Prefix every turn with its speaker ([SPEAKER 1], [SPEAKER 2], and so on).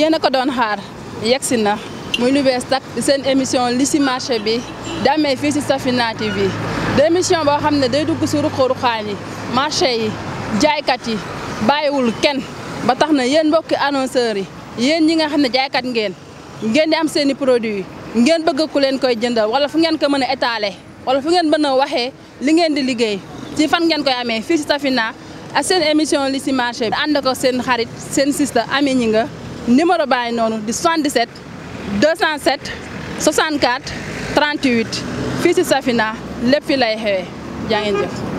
[SPEAKER 1] yéen a ko doon xaar yegsi na muy lu bees tak seen émission li si marché bi dammee fii si Safina bi di émission boo xam ne day dugg ci ruqu-ruqaan yi marché yi jaaykat yi bàyyiwul kenn ba tax na yéen mbokki annonceurs yi yéen ñi nga xam ne jaaykat ngeen ngeen di am seeni i produits ngeen bëgg ku leen koy jëndal wala fu ngeen ko mën a étaler wala fu ngeen mën a waxee li ngeen di liggéey ci fan ngeen koy amee fii ci Safina ak seen émission li ci marché bi ànd ko seen xarit seen sista ñi nga numéro bàyyi noonu di 77 207 64 38 fii ci Safina lépp fi lay xewee jaa